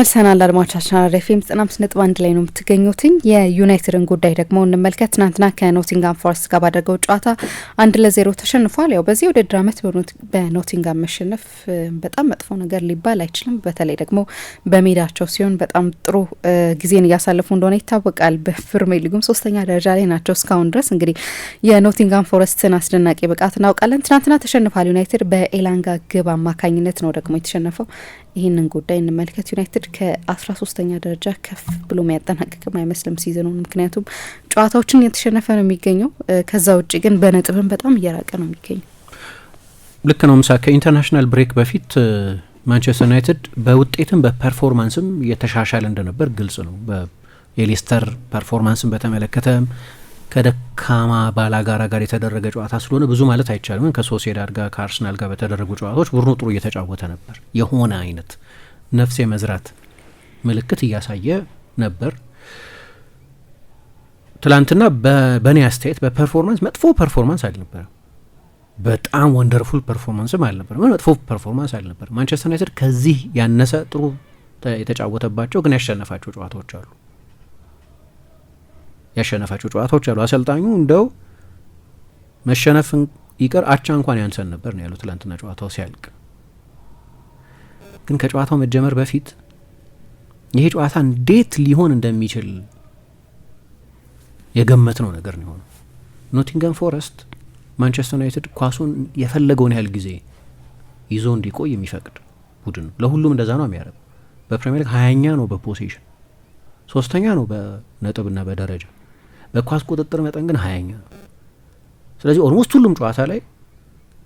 ተመልሰናል አድማጮቻችን፣ አራዳ ኤፍ ኤም ዘጠና አምስት ነጥብ አንድ ላይ ነው የምትገኙትኝ። የዩናይትድን ጉዳይ ደግሞ እንመልከት። ትናንትና ከኖቲንጋም ፎረስት ጋር ባደረገው ጨዋታ አንድ ለዜሮ ተሸንፏል። ያው በዚህ ውድድር ዓመት በኖቲንጋም መሸነፍ በጣም መጥፎ ነገር ሊባል አይችልም። በተለይ ደግሞ በሜዳቸው ሲሆን በጣም ጥሩ ጊዜን እያሳለፉ እንደሆነ ይታወቃል። በፕሪሚየር ሊጉም ሶስተኛ ደረጃ ላይ ናቸው እስካሁን ድረስ። እንግዲህ የኖቲንጋም ፎረስትን አስደናቂ ብቃት እናውቃለን። ትናንትና ተሸንፏል ዩናይትድ በኤላንጋ ግብ አማካኝነት ነው ደግሞ የተሸነፈው። ይህንን ጉዳይ እንመልከት። ዩናይትድ ከአስራ ሶስተኛ ደረጃ ከፍ ብሎ የሚያጠናቅቅም አይመስልም ሲዝኑን፣ ምክንያቱም ጨዋታዎችን እየተሸነፈ ነው የሚገኘው። ከዛ ውጭ ግን በነጥብም በጣም እየራቀ ነው የሚገኘው። ልክ ነው ምሳ ከኢንተርናሽናል ብሬክ በፊት ማንቸስተር ዩናይትድ በውጤትም በፐርፎርማንስም እየተሻሻለ እንደነበር ግልጽ ነው። የሌስተር ፐርፎርማንስን በተመለከተም ከደካማ ባላጋራ ጋር የተደረገ ጨዋታ ስለሆነ ብዙ ማለት አይቻልም። ግን ከሶሴዳድ ጋር ከአርሰናል ጋር በተደረጉ ጨዋታዎች ቡድኑ ጥሩ እየተጫወተ ነበር። የሆነ አይነት ነፍስ የመዝራት ምልክት እያሳየ ነበር። ትላንትና በእኔ አስተያየት በፐርፎርማንስ መጥፎ ፐርፎርማንስ አልነበረም። በጣም ወንደርፉል ፐርፎርማንስም አልነበረም። መጥፎ ፐርፎርማንስ አልነበረም። ማንቸስተር ዩናይትድ ከዚህ ያነሰ ጥሩ የተጫወተባቸው ግን ያሸነፋቸው ጨዋታዎች አሉ። ያሸነፋቸው ጨዋታዎች አሉ። አሰልጣኙ እንደው መሸነፍን ይቅር አቻ እንኳን ያንሰን ነበር ነው ያሉት ትላንትና ጨዋታው ሲያልቅ። ግን ከጨዋታው መጀመር በፊት ይሄ ጨዋታ እንዴት ሊሆን እንደሚችል የገመት ነው ነገር ነው የሆነው። ኖቲንገም ፎረስት ማንቸስተር ዩናይትድ ኳሱን የፈለገውን ያህል ጊዜ ይዞ እንዲቆይ የሚፈቅድ ቡድን ነው። ለሁሉም እንደዛ ነው የሚያደርገው። በፕሪሚየር ሊግ ሀያኛ ነው በፖሴሽን ሶስተኛ ነው በነጥብና በደረጃ በኳስ ቁጥጥር መጠን ግን ሀያኛ ነው። ስለዚህ ኦልሞስት ሁሉም ጨዋታ ላይ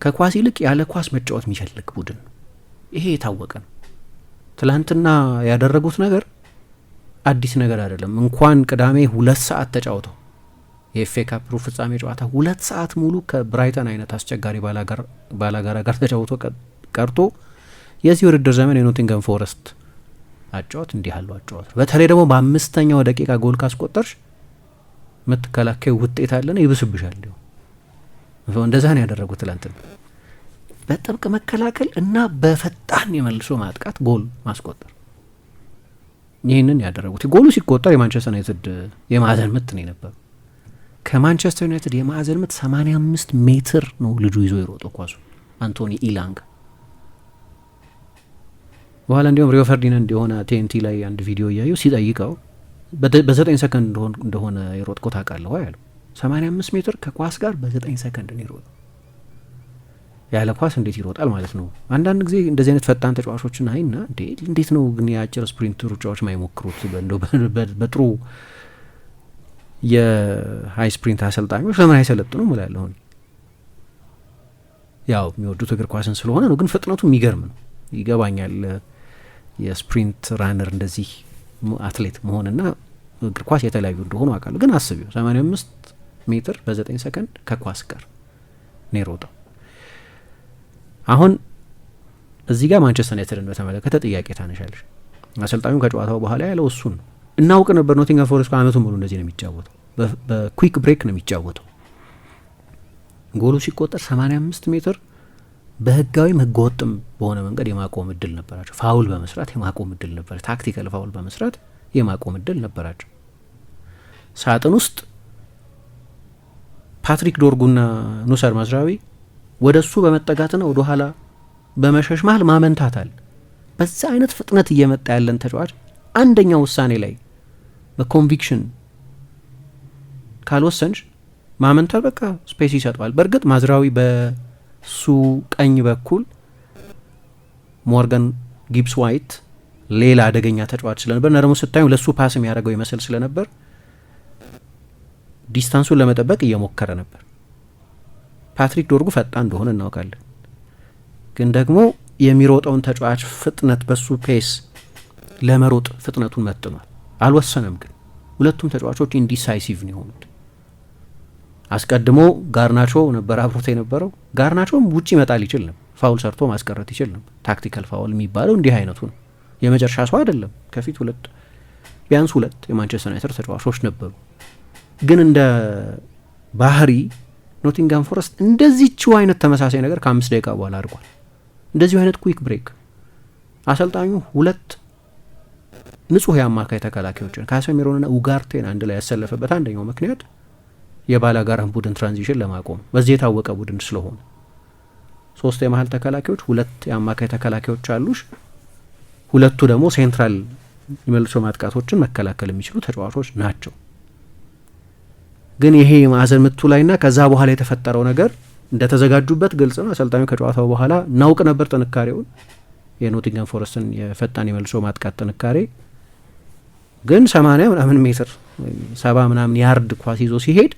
ከኳስ ይልቅ ያለ ኳስ መጫወት የሚፈልግ ቡድን ነው። ይሄ የታወቀ ነው። ትላንትና ያደረጉት ነገር አዲስ ነገር አይደለም። እንኳን ቅዳሜ ሁለት ሰዓት ተጫውተው የኤፍ ኤ ካፕ ሩብ ፍጻሜ ጨዋታ ሁለት ሰዓት ሙሉ ከብራይተን አይነት አስቸጋሪ ባላጋራ ጋር ተጫውቶ ቀርቶ የዚህ ውድድር ዘመን የኖቲንገም ፎረስት አጫወት እንዲህ ያለው አጫወት በተለይ ደግሞ በአምስተኛው ደቂቃ ጎል ካስቆጠርሽ የምትከላከዩ ውጤት አለ ነው ይብስብሻል። እንዲሁ እንደዛ ነው ያደረጉት። ትላንትና በጥብቅ መከላከል እና በፈጣን የመልሶ ማጥቃት ጎል ማስቆጠር ይህንን ያደረጉት። ጎሉ ሲቆጠር የማንቸስተር ዩናይትድ የማዕዘን ምት ነው የነበሩ። ከማንቸስተር ዩናይትድ የማዕዘን ምት 85 ሜትር ነው ልጁ ይዞ የሮጠ ኳሱ አንቶኒ ኢላንጋ። በኋላ እንዲሁም ሪዮ ፈርዲናንድ የሆነ ቴንቲ ላይ አንድ ቪዲዮ እያየው ሲጠይቀው በዘጠኝ ሰከንድ እንደሆነ የሮጥኮ ታውቃለህ ወይ አለው። አምስት ሜትር ከኳስ ጋር በዘጠኝ ሰከንድ ነው ይሮጥ ያለ ኳስ እንዴት ይሮጣል ማለት ነው። አንዳንድ ጊዜ እንደዚህ አይነት ፈጣን ተጫዋቾችን አይና እንዴት ነው ግን የአጭር ስፕሪንት ሩጫዎች ማይሞክሩት? በጥሩ የሀይ ስፕሪንት አሰልጣኞች ለምን አይሰለጥኑም እላለሁ። ያው የሚወዱት እግር ኳስን ስለሆነ ነው፣ ግን ፍጥነቱ የሚገርም ነው። ይገባኛል የስፕሪንት ራነር እንደዚህ አትሌት መሆንና እግር ኳስ የተለያዩ እንደሆኑ አውቃለሁ። ግን አስቢው 85 ሜትር በ9 ሰከንድ ከኳስ ጋር ነው የሮጠው። አሁን እዚህ ጋር ማንቸስተር ዩናይትድን በተመለከተ ጥያቄ ታነሻለሽ። አሰልጣኙ ከጨዋታው በኋላ ያለው እሱን ነው። እናውቅ ነበር ኖቲንግሃም ፎረስት አመቱ ሙሉ እንደዚህ ነው የሚጫወተው። በኩዊክ ብሬክ ነው የሚጫወተው። ጎሉ ሲቆጠር 85 ሜትር በህጋዊም ህገወጥም በሆነ መንገድ የማቆም እድል ነበራቸው። ፋውል በመስራት የማቆም እድል ነበር። ታክቲካል ፋውል በመስራት የማቆም እድል ነበራቸው። ሳጥን ውስጥ ፓትሪክ ዶርጉና ኑሰር ማዝራዊ ወደ እሱ በመጠጋትና ወደ ኋላ በመሸሽ መሀል አለ። በዛ አይነት ፍጥነት እየመጣ ያለን ተጫዋች አንደኛው ውሳኔ ላይ በኮንቪክሽን ካልወሰንሽ ማመንታል በቃ ስፔስ ይሰጠዋል። በእርግጥ ማዝራዊ እሱ ቀኝ በኩል ሞርጋን ጊብስ ዋይት ሌላ አደገኛ ተጫዋች ስለነበር እና ደግሞ ስታዩ ለእሱ ፓስ የሚያደርገው ይመስል ስለነበር ዲስታንሱን ለመጠበቅ እየሞከረ ነበር። ፓትሪክ ዶርጉ ፈጣን እንደሆነ እናውቃለን። ግን ደግሞ የሚሮጠውን ተጫዋች ፍጥነት በሱ ፔስ ለመሮጥ ፍጥነቱን መጥኗል። አልወሰነም ግን ሁለቱም ተጫዋቾች ኢንዲሳይሲቭ ነው የሆኑት። አስቀድሞ ጋርናቾ ነበር አብሮት የነበረው። ጋርናቾም ውጭ ይመጣል ይችል ነበር፣ ፋውል ሰርቶ ማስቀረት ይችል ነበር። ታክቲካል ፋውል የሚባለው እንዲህ አይነቱ ነው። የመጨረሻ ሰው አይደለም። ከፊት ሁለት ቢያንስ ሁለት የማንቸስተር ዩናይትድ ተጫዋቾች ነበሩ፣ ግን እንደ ባህሪ ኖቲንጋም ፎረስት እንደዚችው አይነት ተመሳሳይ ነገር ከአምስት ደቂቃ በኋላ አድርጓል። እንደዚሁ አይነት ኩዊክ ብሬክ አሰልጣኙ ሁለት ንጹህ የአማካይ ተከላካዮችን ካሰሚሮንና ኡጋርቴን አንድ ላይ ያሰለፈበት አንደኛው ምክንያት የባላጋራን ቡድን ትራንዚሽን ለማቆም በዚህ የታወቀ ቡድን ስለሆነ ሶስት የመሀል ተከላካዮች፣ ሁለት የአማካይ ተከላካዮች አሉሽ። ሁለቱ ደግሞ ሴንትራል የመልሶ ማጥቃቶችን መከላከል የሚችሉ ተጫዋቾች ናቸው። ግን ይሄ የማዕዘን ምቱ ላይና ከዛ በኋላ የተፈጠረው ነገር እንደተዘጋጁበት ግልጽ ነው። አሰልጣኙ ከጨዋታው በኋላ እናውቅ ነበር ጥንካሬውን የኖቲንገም ፎረስትን የፈጣን የመልሶ ማጥቃት ጥንካሬ ግን ሰማንያ ምናምን ሜትር ሰባ ምናምን ያርድ ኳስ ይዞ ሲሄድ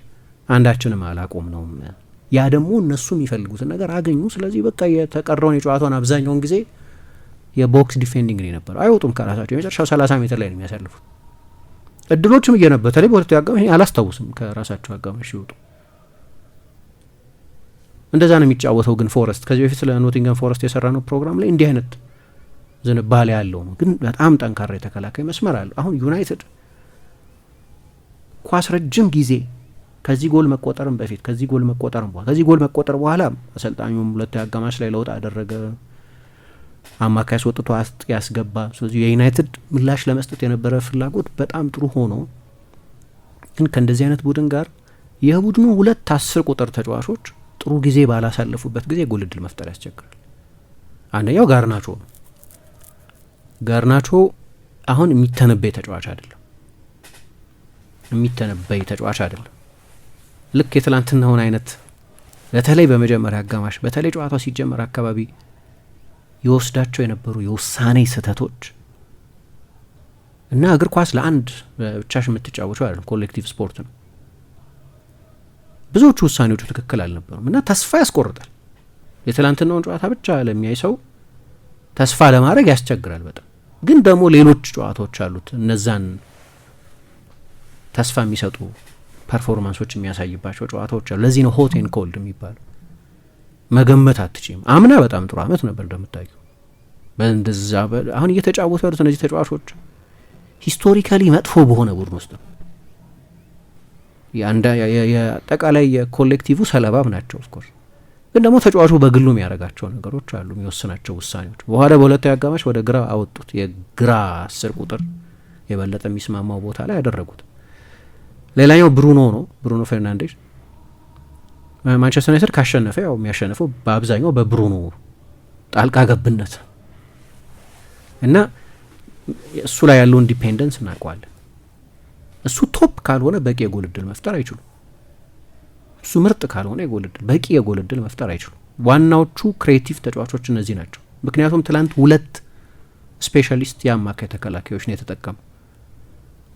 አንዳችንም አላቆም ነው። ያ ደግሞ እነሱ የሚፈልጉትን ነገር አገኙ። ስለዚህ በቃ የተቀረውን የጨዋታውን አብዛኛውን ጊዜ የቦክስ ዲፌንዲንግ ነው የነበረው። አይወጡም ከራሳቸው የመጨረሻው 30 ሜትር ላይ ነው የሚያሳልፉት። እድሎችም እየነበ በተለይ በሁለቱ አጋማሽ አላስታውስም ከራሳቸው አጋማሽ ይወጡ እንደዛ ነው የሚጫወተው። ግን ፎረስት ከዚህ በፊት ስለ ኖቲንገም ፎረስት የሰራ ነው ፕሮግራም ላይ እንዲህ አይነት ዝንባሌ ያለው ነው። ግን በጣም ጠንካራ የተከላካይ መስመር አለ። አሁን ዩናይትድ ኳስ ረጅም ጊዜ ከዚህ ጎል መቆጠርም በፊት ከዚህ ጎል መቆጠርም በኋላ ከዚህ ጎል መቆጠር በኋላ አሰልጣኙም ሁለተኛ አጋማሽ ላይ ለውጥ አደረገ። አማካይ አስወጥቶ አስጥ ያስገባ። ስለዚህ የዩናይትድ ምላሽ ለመስጠት የነበረ ፍላጎት በጣም ጥሩ ሆኖ ግን ከእንደዚህ አይነት ቡድን ጋር የቡድኑ ሁለት አስር ቁጥር ተጫዋቾች ጥሩ ጊዜ ባላሳለፉበት ጊዜ ጎል እድል መፍጠር ያስቸግራል። አንደኛው ጋርናቾ ነው። ጋርናቾ አሁን የሚተነበይ ተጫዋች አይደለም። የሚተነበይ ተጫዋች አይደለም። ልክ የትላንትናውን አይነት በተለይ በመጀመሪያ አጋማሽ በተለይ ጨዋታው ሲጀመር አካባቢ ይወስዳቸው የነበሩ የውሳኔ ስህተቶች እና እግር ኳስ ለአንድ ብቻሽ የምትጫወቸው አይደለም፣ ኮሌክቲቭ ስፖርት ነው። ብዙዎቹ ውሳኔዎቹ ትክክል አልነበሩም እና ተስፋ ያስቆርጣል። የትላንትናውን ጨዋታ ብቻ ለሚያይ ሰው ተስፋ ለማድረግ ያስቸግራል በጣም ግን ደግሞ ሌሎች ጨዋታዎች አሉት እነዛን ተስፋ የሚሰጡ ፐርፎርማንሶች የሚያሳይባቸው ጨዋታዎች አሉ። ለዚህ ነው ሆቴን ኮልድ የሚባለው። መገመት አትችም። አምና በጣም ጥሩ አመት ነበር እንደምታዩ በእንደዛ አሁን እየተጫወቱ ያሉት እነዚህ ተጫዋቾች ሂስቶሪካሊ መጥፎ በሆነ ቡድን ውስጥ ነው። የአጠቃላይ የኮሌክቲቭ ሰለባም ናቸው። ኦፍኮርስ ግን ደግሞ ተጫዋቹ በግሉ የሚያደርጋቸው ነገሮች አሉ፣ የሚወስናቸው ውሳኔዎች። በኋላ በሁለተኛ አጋማሽ ወደ ግራ አወጡት። የግራ አስር ቁጥር የበለጠ የሚስማማው ቦታ ላይ ያደረጉት ሌላኛው ብሩኖ ነው። ብሩኖ ፌርናንዴዝ ማንቸስተር ዩናይትድ ካሸነፈ ያው የሚያሸንፈው በአብዛኛው በብሩኖ ጣልቃ ገብነት እና እሱ ላይ ያለውን ዲፔንደንስ እናውቀዋለን። እሱ ቶፕ ካልሆነ በቂ የጎል እድል መፍጠር አይችሉም። እሱ ምርጥ ካልሆነ የጎል እድል በቂ የጎል እድል መፍጠር አይችሉም። ዋናዎቹ ክሬቲቭ ተጫዋቾች እነዚህ ናቸው። ምክንያቱም ትላንት ሁለት ስፔሻሊስት የአማካይ ተከላካዮች ነው የተጠቀመው።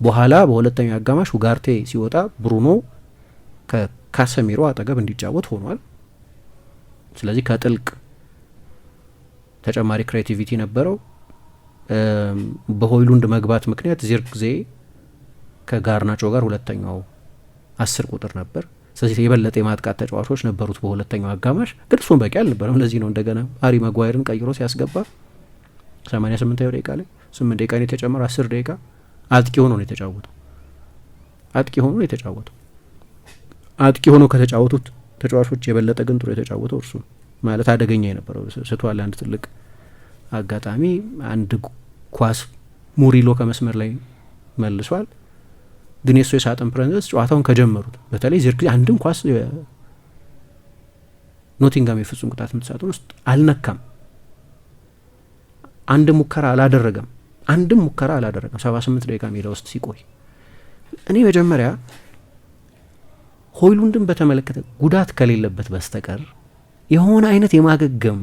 በኋላ በሁለተኛው አጋማሽ ኡጋርቴ ሲወጣ ብሩኖ ከካሰሚሮ አጠገብ እንዲጫወት ሆኗል። ስለዚህ ከጥልቅ ተጨማሪ ክሬቲቪቲ ነበረው። በሆይሉንድ መግባት ምክንያት ዚርክዜ ከጋርናጮ ጋር ሁለተኛው አስር ቁጥር ነበር። ስለዚህ የበለጠ የማጥቃት ተጫዋቾች ነበሩት በሁለተኛው አጋማሽ፣ ግን እሱም በቂ አልነበረም። ለዚህ ነው እንደገና ሃሪ ማጓየርን ቀይሮ ሲያስገባ 88ኛው ደቂቃ ላይ ስምንት ደቂቃ የተጨመረ 10 ደቂቃ አጥቂ ሆኖ ነው የተጫወተው። አጥቂ ሆኖ ነው የተጫወተው። አጥቂ ሆኖ ከተጫወቱት ተጫዋቾች የበለጠ ግን ጥሩ የተጫወተው እርሱ ማለት አደገኛ የነበረው ስቷል። አንድ ትልቅ አጋጣሚ አንድ ኳስ ሙሪሎ ከመስመር ላይ መልሷል። ግን የሱ የሳጥን ፕረንዘስ ጨዋታውን ከጀመሩት በተለይ ዚርክዚ አንድም ኳስ ኖቲንጋም የፍጹም ቅጣት ምት ሳጥን ውስጥ አልነካም። አንድ ሙከራ አላደረገም። አንድም ሙከራ አላደረገም። ሰባ ስምንት ደቂቃ ሜዳ ውስጥ ሲቆይ እኔ መጀመሪያ ሆይሉንድን በተመለከተ ጉዳት ከሌለበት በስተቀር የሆነ አይነት የማገገም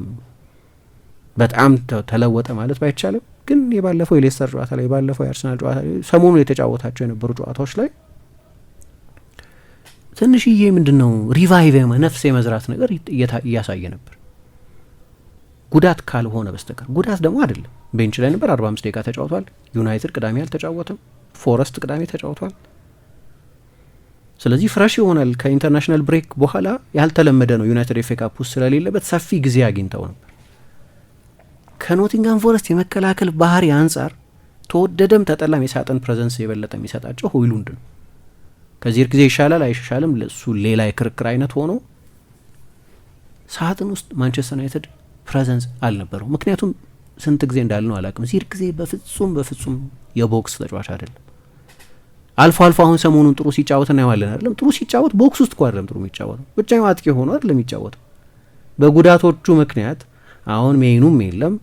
በጣም ተለወጠ ማለት ባይቻልም ግን የባለፈው የሌስተር ጨዋታ ላይ የባለፈው የአርሰናል ጨዋታ ላይ ሰሞኑ የተጫወታቸው የነበሩ ጨዋታዎች ላይ ትንሽዬ ምንድን ነው ሪቫይቭ ነፍስ የመዝራት ነገር እያሳየ ነበር፣ ጉዳት ካልሆነ በስተቀር ጉዳት ደግሞ አይደለም። ቤንች ላይ ነበር፣ አምስት ደቂቃ ተጫውቷል። ዩናይትድ ቅዳሜ አልተጫወተም። ፎረስት ቅዳሜ ተጫውቷል። ስለዚህ ፍረሽ ይሆናል። ከኢንተርናሽናል ብሬክ በኋላ ያልተለመደ ነው። ዩናይትድ ኤፌ ካፕ ውስጥ ስለሌለበት ሰፊ ጊዜ አግኝተው ነበር። ከኖቲንጋም ፎረስት የመከላከል ባህሪ አንጻር ተወደደም ተጠላም የሳጥን ፕሬዘንስ የበለጠ የሚሰጣቸው ሆይሉንድ ነው። ከዚህ ጊዜ ይሻላል አይሻሻልም፣ ለሱ ሌላ የክርክር አይነት ሆኖ ሳጥን ውስጥ ማንቸስተር ዩናይትድ ፕሬዘንስ አልነበረው። ምክንያቱም ስንት ጊዜ እንዳለ ነው አላውቅም። ሲር ጊዜ በፍጹም በፍጹም የቦክስ ተጫዋች አይደለም። አልፎ አልፎ አሁን ሰሞኑን ጥሩ ሲጫወት እናየዋለን አይደለም። ጥሩ ሲጫወት ቦክስ ውስጥ እኮ አይደለም ጥሩ የሚጫወተው፣ ብቻ አጥቂ ሆኖ አይደለም የሚጫወተው። በጉዳቶቹ ምክንያት አሁን ሜይኑም የለም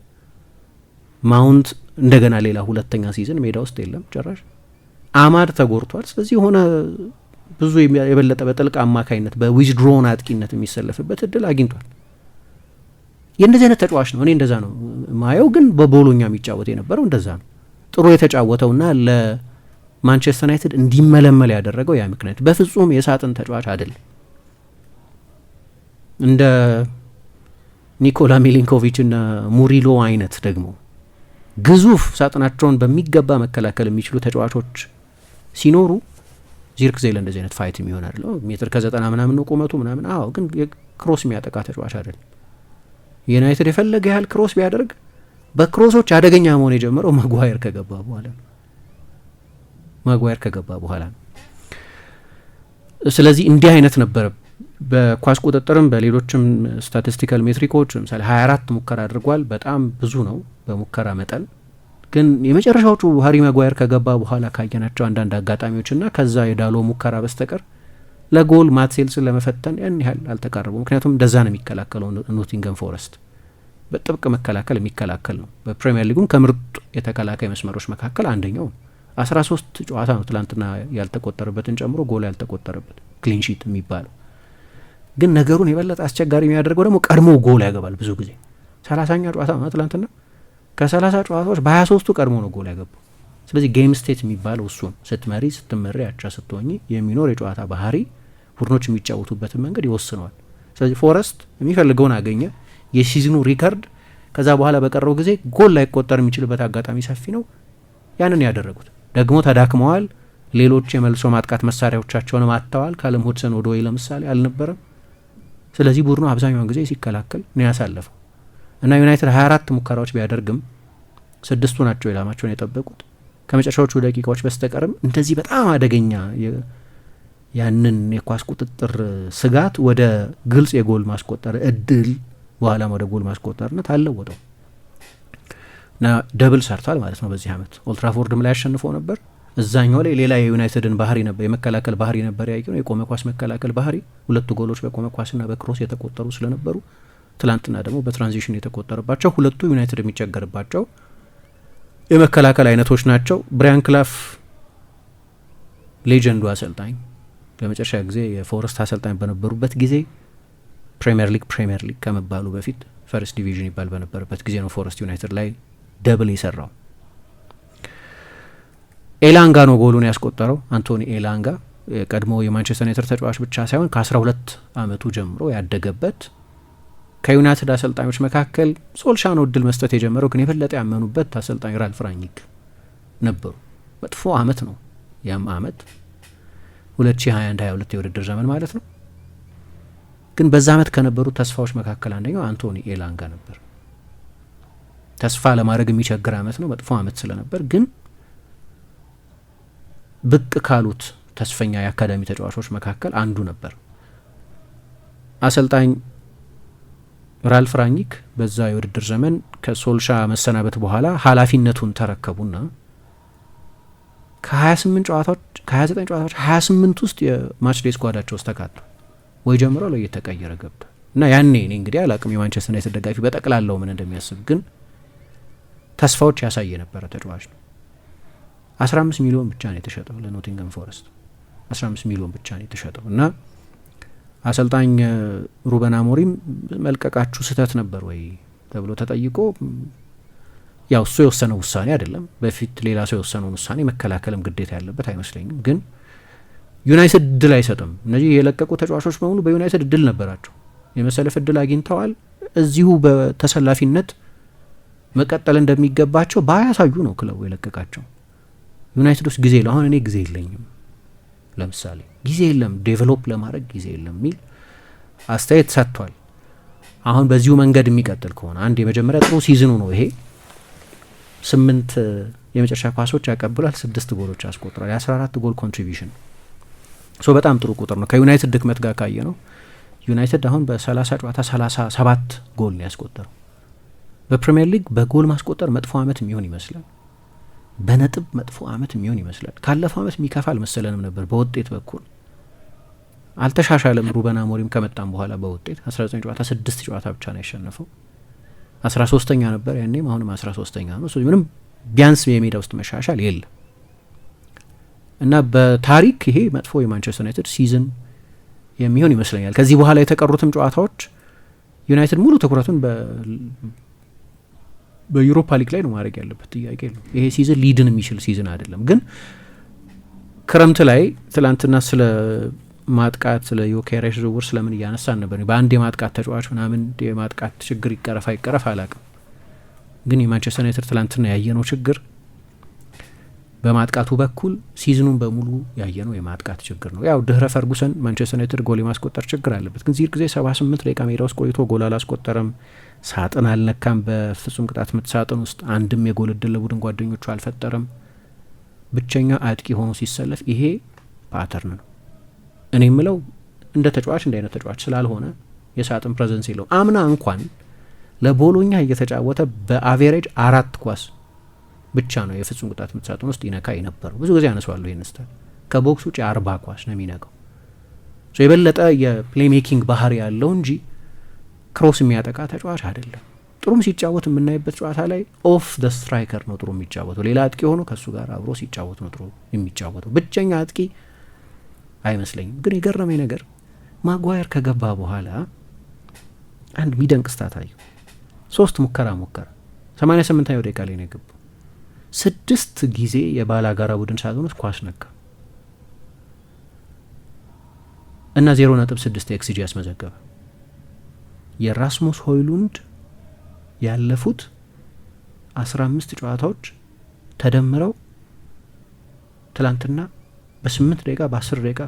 ማውንት እንደገና ሌላ ሁለተኛ ሲዝን ሜዳ ውስጥ የለም ጭራሽ። አማድ ተጎድቷል። ስለዚህ የሆነ ብዙ የበለጠ በጥልቅ አማካኝነት በዊዝድሮን አጥቂነት የሚሰለፍበት እድል አግኝቷል። የእንደዚህ አይነት ተጫዋች ነው። እኔ እንደዛ ነው ማየው። ግን በቦሎኛ የሚጫወት የነበረው እንደዛ ነው። ጥሩ የተጫወተውና ለማንቸስተር ዩናይትድ እንዲመለመል ያደረገው ያ ምክንያት፣ በፍጹም የሳጥን ተጫዋች አይደል። እንደ ኒኮላ ሚሊንኮቪች ሚሊንኮቪችና ሙሪሎ አይነት ደግሞ ግዙፍ ሳጥናቸውን በሚገባ መከላከል የሚችሉ ተጫዋቾች ሲኖሩ ዚርክዜ ለእንደዚህ አይነት ፋይት የሚሆን አለ። ሜትር ከዘጠና ምናምን ነው ቁመቱ ምናምን። አዎ ግን የክሮስ የሚያጠቃ ተጫዋች አይደለም። ዩናይትድ የፈለገ ያህል ክሮስ ቢያደርግ በክሮሶች አደገኛ መሆን የጀመረው መጓየር ከገባ በኋላ ነው። ማጓየር ከገባ በኋላ ነው። ስለዚህ እንዲህ አይነት ነበረ። በኳስ ቁጥጥርም በሌሎችም ስታቲስቲካል ሜትሪኮች ለምሳሌ 24 ሙከራ አድርጓል። በጣም ብዙ ነው በሙከራ መጠን። ግን የመጨረሻዎቹ ሀሪ መጓየር ከገባ በኋላ ካየናቸው አንዳንድ አጋጣሚዎችና ከዛ የዳሎ ሙከራ በስተቀር ለጎል ማትሴልስን ለመፈተን ያን ያህል አልተቃረቡ። ምክንያቱም እንደዛ ነው የሚከላከለው ኖቲንገም ፎረስት በጥብቅ መከላከል የሚከላከል ነው። በፕሪሚየር ሊጉም ከምርጥ የተከላካይ መስመሮች መካከል አንደኛው ነው። አስራ ሶስት ጨዋታ ነው ትላንትና ያልተቆጠረበትን ጨምሮ ጎል ያልተቆጠረበት ክሊንሺት የሚባለው ግን ነገሩን የበለጠ አስቸጋሪ የሚያደርገው ደግሞ ቀድሞ ጎል ያገባል ብዙ ጊዜ ሰላሳኛ ጨዋታ ነው ትላንትና ከሰላሳ ጨዋታዎች በሀያ ሶስቱ ቀድሞ ነው ጎል ያገባው። ስለዚህ ጌም ስቴት የሚባለው እሱ ስትመሪ ስትመሪ አቻ ስትሆኝ የሚኖር የጨዋታ ባህሪ ቡድኖች የሚጫወቱበትን መንገድ ይወስነዋል። ስለዚህ ፎረስት የሚፈልገውን አገኘ። የሲዝኑ ሪከርድ ከዛ በኋላ በቀረው ጊዜ ጎል ላይቆጠር የሚችልበት አጋጣሚ ሰፊ ነው። ያንን ያደረጉት ደግሞ ተዳክመዋል። ሌሎች የመልሶ ማጥቃት መሳሪያዎቻቸውን አጥተዋል። ካለም ሁድሰን ወይ ለምሳሌ አልነበረም። ስለዚህ ቡድኑ አብዛኛውን ጊዜ ሲከላከል ነው ያሳለፈው እና ዩናይትድ 24 ሙከራዎች ቢያደርግም ስድስቱ ናቸው ኢላማቸውን የጠበቁት። ከመጨረሻዎቹ ደቂቃዎች በስተቀርም እንደዚህ በጣም አደገኛ ያንን የኳስ ቁጥጥር ስጋት ወደ ግልጽ የጎል ማስቆጠር እድል በኋላም ወደ ጎል ማስቆጠርነት አለወጠው እና ደብል ሰርቷል ማለት ነው። በዚህ አመት ኦልትራፎርድም ላይ አሸንፎ ነበር። እዛኛው ላይ ሌላ የዩናይትድን ባህሪ ነበር የመከላከል ባህሪ ነበር ያየ ነው የቆመ ኳስ መከላከል ባህሪ። ሁለቱ ጎሎች በቆመ ኳስና በክሮስ የተቆጠሩ ስለነበሩ ትላንትና ደግሞ በትራንዚሽን የተቆጠረባቸው ሁለቱ ዩናይትድ የሚቸገርባቸው የመከላከል አይነቶች ናቸው። ብሪያን ክላፍ ሌጀንዱ አሰልጣኝ ለመጨረሻ ጊዜ የፎረስት አሰልጣኝ በነበሩበት ጊዜ ፕሪምየር ሊግ ፕሪምየር ሊግ ከመባሉ በፊት ፈርስት ዲቪዥን ይባል በነበረበት ጊዜ ነው ፎረስት ዩናይትድ ላይ ደብል የሰራው። ኤላንጋ ነው ጎሉን ያስቆጠረው። አንቶኒ ኤላንጋ የቀድሞ የማንቸስተር ዩናይትድ ተጫዋች ብቻ ሳይሆን ከ ሁለት አመቱ ጀምሮ ያደገበት ከዩናይትድ አሰልጣኞች መካከል ሶልሻኖ እድል መስጠት የጀመረው ግን የበለጠ ያመኑበት አሰልጣኝ ራልፍ ራኒክ ነበሩ። መጥፎ አመት ነው ያም አመት 2021/22 የውድድር ዘመን ማለት ነው። ግን በዛ አመት ከነበሩ ተስፋዎች መካከል አንደኛው አንቶኒ ኤላንጋ ነበር። ተስፋ ለማድረግ የሚቸግር አመት ነው፣ መጥፎ አመት ስለነበር ግን ብቅ ካሉት ተስፈኛ የአካዳሚ ተጫዋቾች መካከል አንዱ ነበር። አሰልጣኝ ራልፍ ራኒክ በዛ የውድድር ዘመን ከሶልሻ መሰናበት በኋላ ኃላፊነቱን ተረከቡና ከ28 ጨዋታዎች ከ29 ጨዋታዎች 28 ውስጥ የማችዴ ስኳዳቸው ውስጥ ተካቱ ወይ ጀምሮ ላይ እየተቀየረ ገብቷል። እና ያኔ እኔ እንግዲህ አላቅም የማንቸስተር ዩናይትድ ደጋፊ በጠቅላላው ምን እንደሚያስብ ግን ተስፋዎች ያሳይ የነበረ ተጫዋች ነው። 15 ሚሊዮን ብቻ ነው የተሸጠው ለኖቲንገም ፎረስት 15 ሚሊዮን ብቻ ነው የተሸጠው እና አሰልጣኝ ሩበን አሞሪም መልቀቃችሁ ስህተት ነበር ወይ ተብሎ ተጠይቆ ያው እሱ የወሰነው ውሳኔ አይደለም፣ በፊት ሌላ ሰው የወሰነውን ውሳኔ መከላከልም ግዴታ ያለበት አይመስለኝም። ግን ዩናይትድ እድል አይሰጥም። እነዚህ የለቀቁ ተጫዋቾች በሙሉ በዩናይትድ እድል ነበራቸው፣ የመሰለፍ እድል አግኝተዋል። እዚሁ በተሰላፊነት መቀጠል እንደሚገባቸው ባያሳዩ ነው ክለቡ የለቀቃቸው። ዩናይትድ ውስጥ ጊዜ ለአሁን እኔ ጊዜ የለኝም ለምሳሌ ጊዜ የለም፣ ዴቨሎፕ ለማድረግ ጊዜ የለም የሚል አስተያየት ሰጥቷል። አሁን በዚሁ መንገድ የሚቀጥል ከሆነ አንድ የመጀመሪያ ጥሩ ሲዝኑ ነው ይሄ። ስምንት የመጨረሻ ኳሶች ያቀብላል፣ ስድስት ጎሎች ያስቆጥራል። የአስራ አራት ጎል ኮንትሪቢሽን ሶ በጣም ጥሩ ቁጥር ነው። ከዩናይትድ ድክመት ጋር ካየ ነው ዩናይትድ አሁን በሰላሳ ጨዋታ ሰላሳ ሰባት ጎል ነው ያስቆጠረው። በፕሪምየር ሊግ በጎል ማስቆጠር መጥፎ አመት የሚሆን ይመስላል። በነጥብ መጥፎ አመት የሚሆን ይመስላል። ካለፈው አመት የሚከፋ አልመሰለንም ነበር በውጤት በኩል አልተሻሻለም። ሩበን አሞሪም ከመጣም በኋላ በውጤት 19 ጨዋታ ስድስት ጨዋታ ብቻ ነው ያሸነፈው አስራ ሶስተኛ ነበር ያኔም፣ አሁንም 13ኛ ነው። ስለዚህ ምንም ቢያንስ የሜዳ ውስጥ መሻሻል የለም እና በታሪክ ይሄ መጥፎ የማንቸስተር ዩናይትድ ሲዝን የሚሆን ይመስለኛል። ከዚህ በኋላ የተቀሩትም ጨዋታዎች ዩናይትድ ሙሉ ትኩረቱን በዩሮፓ ሊግ ላይ ነው ማድረግ ያለበት። ጥያቄ ነው ይሄ ሲዝን ሊድን የሚችል ሲዝን አይደለም። ግን ክረምት ላይ ትላንትና ስለ ማጥቃት ስለ ዮኬሬሽ ዝውውር ስለምን እያነሳን ነበር? በአንድ የማጥቃት ተጫዋች ምናምን የማጥቃት ችግር ይቀረፍ አይቀረፍ አላቅም፣ ግን የማንቸስተር ዩናይትድ ትላንትና ያየነው ችግር በማጥቃቱ በኩል ሲዝኑን በሙሉ ያየነው የማጥቃት ችግር ነው። ያው ድህረ ፈርጉሰን ማንቸስተር ዩናይትድ ጎል የማስቆጠር ችግር አለበት፣ ግን ዚህ ጊዜ ስምንት ደቂቃ ሜዳ ውስጥ ቆይቶ ጎል አላስቆጠረም። ሳጥን አልነካም። በፍጹም ቅጣት ምት ሳጥን ውስጥ አንድም የጎል እድል ለቡድን ጓደኞቹ አልፈጠረም። ብቸኛ አጥቂ ሆኖ ሲሰለፍ ይሄ ፓተርን ነው። እኔ የምለው እንደ ተጫዋች እንደ አይነት ተጫዋች ስላልሆነ የሳጥን ፕሬዘንስ የለውም። አምና እንኳን ለቦሎኛ እየተጫወተ በአቬሬጅ አራት ኳስ ብቻ ነው የፍጹም ቅጣት ምት ሳጥን ውስጥ ይነካ የነበረው። ብዙ ጊዜ ያነሷለሁ ይህን ስታል ከቦክስ ውጭ አርባ ኳስ ነው የሚነካው። የበለጠ የፕሌሜኪንግ ባህሪ ያለው እንጂ ክሮስ የሚያጠቃ ተጫዋች አይደለም። ጥሩም ሲጫወት የምናይበት ጨዋታ ላይ ኦፍ ደ ስትራይከር ነው ጥሩ የሚጫወተው። ሌላ አጥቂ ሆኖ ከእሱ ጋር አብሮ ሲጫወት ነው ጥሩ የሚጫወተው። ብቸኛ አጥቂ አይመስለኝም። ግን የገረመኝ ነገር ማጓየር ከገባ በኋላ አንድ ሚደንቅ ስታት አየሁ። ሶስት ሙከራ ሞከረ ሰማኒያ 88ኛው ደቂቃ ላይ ነው የገባው። ስድስት ጊዜ የባላ አጋራ ቡድን ሳጥኖች ኳስ ነካ እና ስድስት ኤክስጂ ያስመዘገበ የራስሙስ ሆይሉንድ ያለፉት አስራ አምስት ጨዋታዎች ተደምረው ትላንትና በስምንት ደቂቃ በአስር ደቂቃ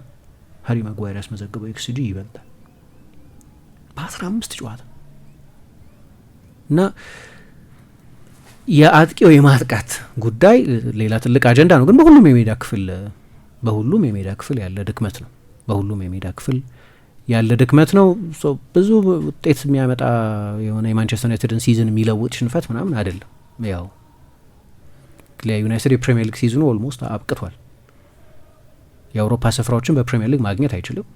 ሀሪ መጓየር ያስመዘግበው ኤክስጂ ይበልጣል በአስራ አምስት ጨዋታ እና የአጥቂው የማጥቃት ጉዳይ ሌላ ትልቅ አጀንዳ ነው። ግን በሁሉም የሜዳ ክፍል በሁሉም የሜዳ ክፍል ያለ ድክመት ነው። በሁሉም የሜዳ ክፍል ያለ ድክመት ነው። ብዙ ውጤት የሚያመጣ የሆነ የማንቸስተር ዩናይትድን ሲዝን የሚለውጥ ሽንፈት ምናምን አይደለም። ያው ለዩናይትድ የፕሪሚየር ሊግ ሲዝኑ ኦልሞስት አብቅቷል። የአውሮፓ ስፍራዎችን በፕሪምየር ሊግ ማግኘት አይችልም።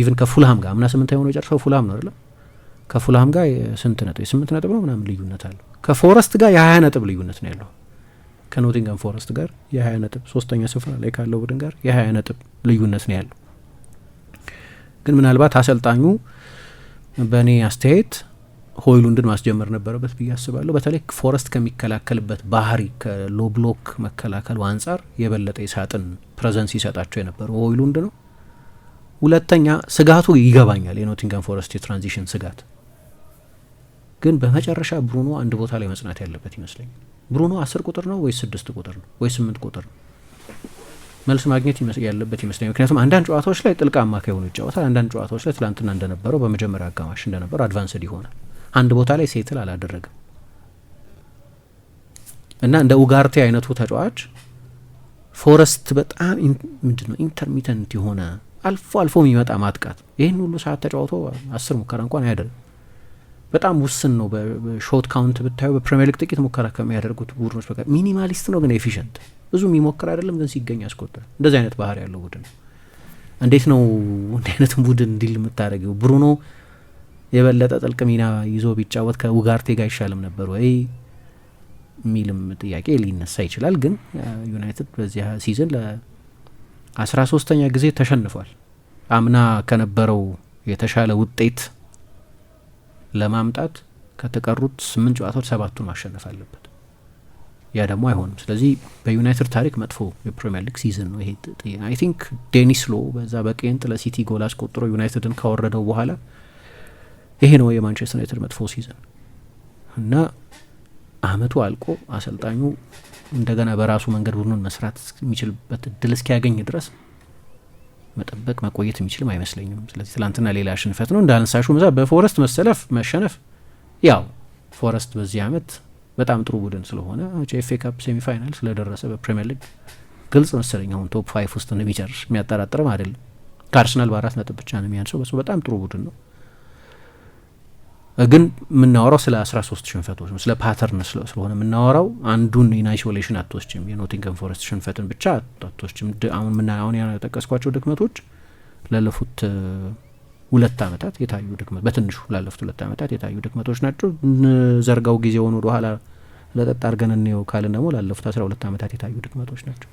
ኢቭን ከፉልሃም ጋር ምና ስምንተኛ ሆኖ የጨርሰው ፉልሃም ነው አይደለም። ከፉልሃም ጋር ስንት ነጥብ የስምንት ነጥብ ነው ምናምን ልዩነት አለ። ከፎረስት ጋር የሀያ ነጥብ ልዩነት ነው ያለው። ከኖቲንገም ፎረስት ጋር የሀያ ነጥብ ሶስተኛ ስፍራ ላይ ካለው ቡድን ጋር የሀያ ነጥብ ልዩነት ነው ያለው። ግን ምናልባት አሰልጣኙ በእኔ አስተያየት ሆይሉንድን ማስጀመር ነበረበት ብዬ አስባለሁ። በተለይ ፎረስት ከሚከላከልበት ባህሪ ከሎ ብሎክ መከላከሉ አንጻር የበለጠ የሳጥን ፕሬዘንስ ይሰጣቸው የነበረው ሆይሉንድ ነው። ሁለተኛ ስጋቱ ይገባኛል፣ የኖቲንገም ፎረስት የትራንዚሽን ስጋት ግን በመጨረሻ ብሩኖ አንድ ቦታ ላይ መጽናት ያለበት ይመስለኛል። ብሩኖ አስር ቁጥር ነው ወይ ስድስት ቁጥር ነው ወይ ስምንት ቁጥር ነው መልስ ማግኘት ያለበት ይመስለኛል። ምክንያቱም አንዳንድ ጨዋታዎች ላይ ጥልቅ አማካይ ሆኖ ይጫወታል። አንዳንድ ጨዋታዎች ላይ ትላንትና እንደነበረው በመጀመሪያ አጋማሽ እንደነበረው አድቫንስድ ይሆናል። አንድ ቦታ ላይ ሴትል አላደረግም እና እንደ ኡጋርቴ አይነቱ ተጫዋች ፎረስት በጣም ምንድን ነው ኢንተርሚተንት የሆነ አልፎ አልፎ የሚመጣ ማጥቃት ይህን ሁሉ ሰዓት ተጫውቶ አስር ሙከራ እንኳን አያደርግም። በጣም ውስን ነው። በሾት ካውንት ብታዩ በፕሪሚየር ሊግ ጥቂት ሙከራ ከሚያደርጉት ቡድኖች በቃ ሚኒማሊስት ነው፣ ግን ኤፊሽንት ብዙ የሚሞክር አይደለም፣ ግን ሲገኝ ያስቆጥራል። እንደዚህ አይነት ባህሪ ያለው ቡድን ነው። እንዴት ነው እንዲህ አይነትን ቡድን እንዲል የምታደረግ ብሩኖ የበለጠ ጥልቅ ሚና ይዞ ቢጫወት ከኡጋርቴ ጋር አይሻልም ነበር ወይ የሚልም ጥያቄ ሊነሳ ይችላል። ግን ዩናይትድ በዚያ ሲዝን ለአስራ ሶስተኛ ጊዜ ተሸንፏል። አምና ከነበረው የተሻለ ውጤት ለማምጣት ከተቀሩት ስምንት ጨዋታዎች ሰባቱን ማሸነፍ አለበት። ያ ደግሞ አይሆንም። ስለዚህ በዩናይትድ ታሪክ መጥፎ የፕሪሚየር ሊግ ሲዝን ነው ይሄ። አይ ቲንክ ዴኒስ ሎ በዛ በቄንጥ ለሲቲ ጎል አስቆጥሮ ዩናይትድን ካወረደው በኋላ ይሄ ነው የማንቸስተር ዩናይትድ መጥፎ ሲዝን እና አመቱ አልቆ አሰልጣኙ እንደገና በራሱ መንገድ ቡድኑን መስራት የሚችልበት እድል እስኪያገኝ ድረስ መጠበቅ መቆየት የሚችልም አይመስለኝም። ስለዚህ ትላንትና ሌላ ሽንፈት ነው እንዳነሳሹ ምዛ በፎረስት መሰለፍ መሸነፍ ያው ፎረስት በዚህ አመት በጣም ጥሩ ቡድን ስለሆነ ኤፍ ኤ ካፕ ሴሚፋይናል ስለደረሰ በፕሪምየር ሊግ ግልጽ መሰለኝ አሁን ቶፕ ፋይቭ ውስጥ እንደሚጨርስ የሚያጠራጥርም አይደለም። ከአርሰናል በአራት ነጥብ ብቻ ነው የሚያንሰው። በሱ በጣም ጥሩ ቡድን ነው። ግን የምናወራው ስለ 13 ሽንፈቶች ነው፣ ስለ ፓተርን ስለሆነ የምናወራው አንዱን ኢን አይሶሌሽን አትወስችም። የኖቲንገም ፎረስት ሽንፈትን ብቻ አትወስችም። አሁን ምናሁን ያጠቀስኳቸው ድክመቶች ላለፉት ሁለት ዓመታት የታዩ ድክመት በትንሹ ላለፉት ሁለት ዓመታት የታዩ ድክመቶች ናቸው። ዘርጋው ጊዜውን ወደኋላ ለጠጥ አድርገን እንየው ካልን ደግሞ ላለፉት አስራ ሁለት ዓመታት የታዩ ድክመቶች ናቸው።